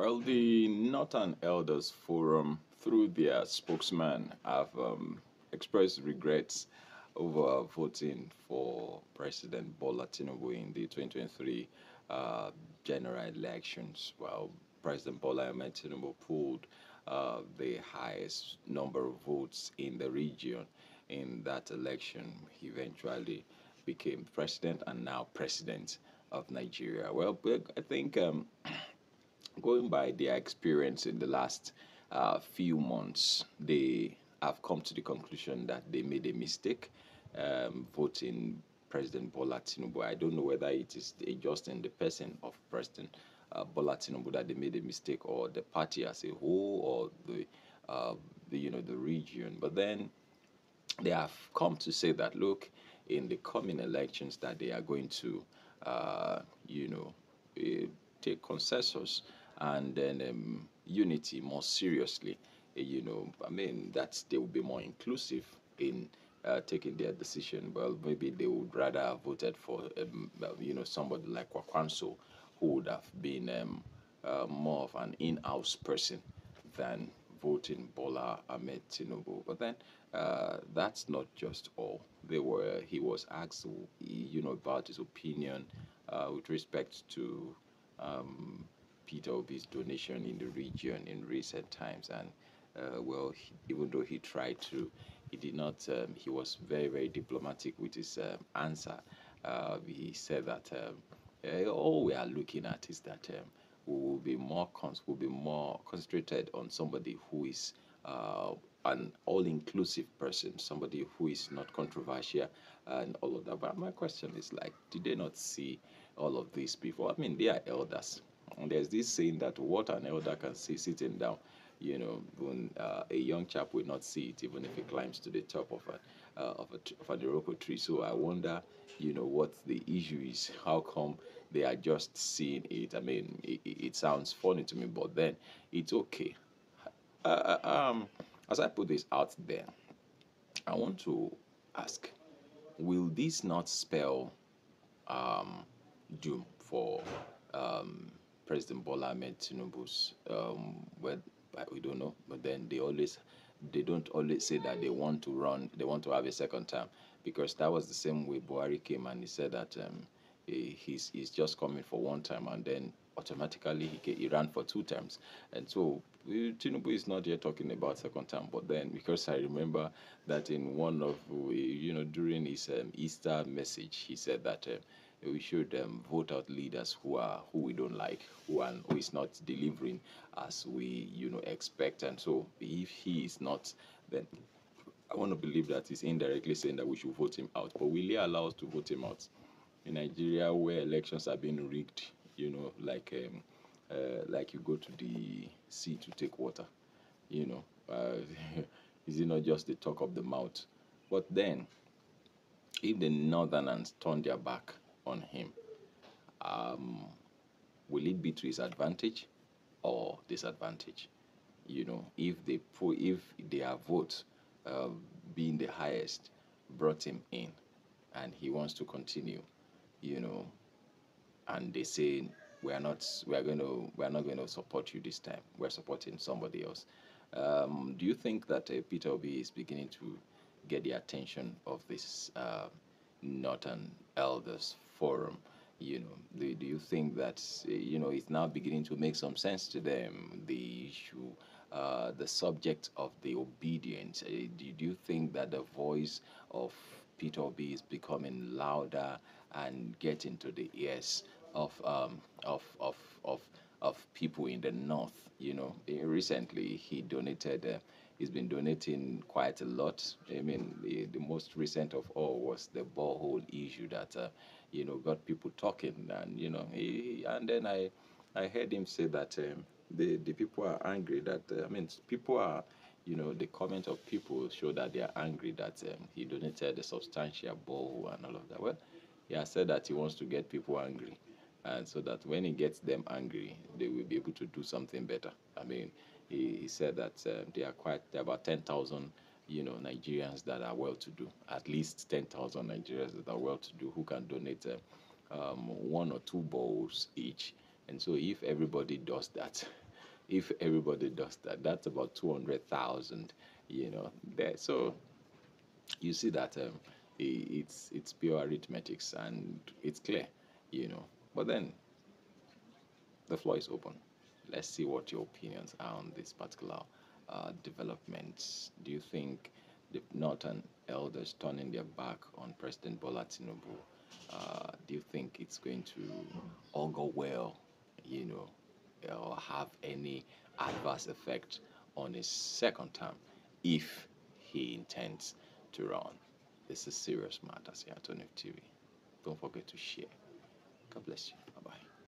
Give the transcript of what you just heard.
Well, the Northern Elders Forum, through their spokesman, have um, expressed regrets over voting for President Bola Tinubu in the 2023 uh, general elections. Well, President Bola Ahmed Tinubu pulled uh, the highest number of votes in the region in that election. He eventually became president and now president of Nigeria. Well, I think. Um, going by their experience in the last uh, few months, they have come to the conclusion that they made a mistake um, voting President Bola Tinubu. I don't know whether it is just in the person of President uh, Bola Tinubu that they made a mistake, or the party as a whole, or the, uh, the you know the region. But then they have come to say that look, in the coming elections, that they are going to uh, you know eh, take consensus and then um, unity more seriously. Eh, you know, I mean, that they will be more inclusive in uh, taking their decision. Well, maybe they would rather have voted for, um, you know, somebody like Kwakwanso, who would have been um, uh, more of an in-house person than voting Bola Ahmed Tinubu. But then uh, that's not just all. They were he was asked, you know, about his opinion uh, with respect to um, Peter of his donation in the region in recent times. And uh, well, he, even though he tried to, he did not, um, he was very, very diplomatic with his um, answer. Uh, he said that um, uh, all we are looking at is that um, we will be more cons- will be more concentrated on somebody who is uh, an all-inclusive person, somebody who is not controversial and all of that. But my question is like, did they not see all of this before? I mean, they are elders and there's this saying that what an elder can see sitting down, you know, uh, a young chap will not see it, even if he climbs to the top of, a, uh, of, a, of an Iroko tree. So I wonder, you know, what the issue is. How come they are just seeing it? I mean, it, it sounds funny to me, but then it's okay. Uh, uh, um, as I put this out there, I want to ask will this not spell um, doom for um, President Bola Ahmed Tinubu's um, well, we don't know, but then they always they don't always say that they want to run, they want to have a second term, because that was the same way Buhari came and he said that um, he's, he's just coming for one term and then automatically he, he ran for two terms. And so Tinubu is not yet talking about second term, but then because I remember that in one of, you know, during his um, Easter message, he said that. Uh, we should um, vote out leaders who are who we don't like, who are who is not delivering as we you know expect. And so, if he is not, then I want to believe that he's indirectly saying that we should vote him out. But will he allow us to vote him out in Nigeria, where elections are being rigged? You know, like um, uh, like you go to the sea to take water. You know, uh, is it not just the talk of the mouth? But then, if the northerners turn their back on him. Um, will it be to his advantage or disadvantage? You know, if they pull, if their vote uh, being the highest brought him in, and he wants to continue, you know, and they say we are not, we are going to, we are not going to support you this time. We're supporting somebody else. Um, do you think that uh, Peter Obi is beginning to get the attention of these uh, northern elders forum you know do, do you think that you know it's now beginning to make some sense to them the issue uh, the subject of the obedience uh, do, do you think that the voice of peter b is becoming louder and getting to the ears of um, of of of of people in the north. You know, eh, recently he donated. Uh, he's been donating quite a lot. I mean, the, the, most recent of all was the borehole issue that uh, you know got people talking, and you know, he, and then I I heard him say that um, the the people are angry. That uh, I mean, people are. You know, the comment of people show that they are angry that um, he donated a substantial bore and all of that. Well, he has said that he wants to get people angry and so that when he gets them angry, they will be able to do something better. I mean, he, he said that um, there are quite there are about 10,000, you know, Nigerians that are well-to-do, at least 10,000 Nigerians that are well-to-do who can donate uh, um, one or two bowls each. And so if everybody does that, if everybody does that, that's about 200,000, you know, there. So you see that um, it's, it's pure arithmetics and it's clear, you know. But then the floor is open. Let's see what your opinions are on this particular uh, development. Do you think the northern elders turning their back on President Bola Tinubu? Uh, do you think it's going to all go well, you know, or have any adverse effect on his second term if he intends to run? This is serious matters here at Onif TV. Don't forget to share. God bless you.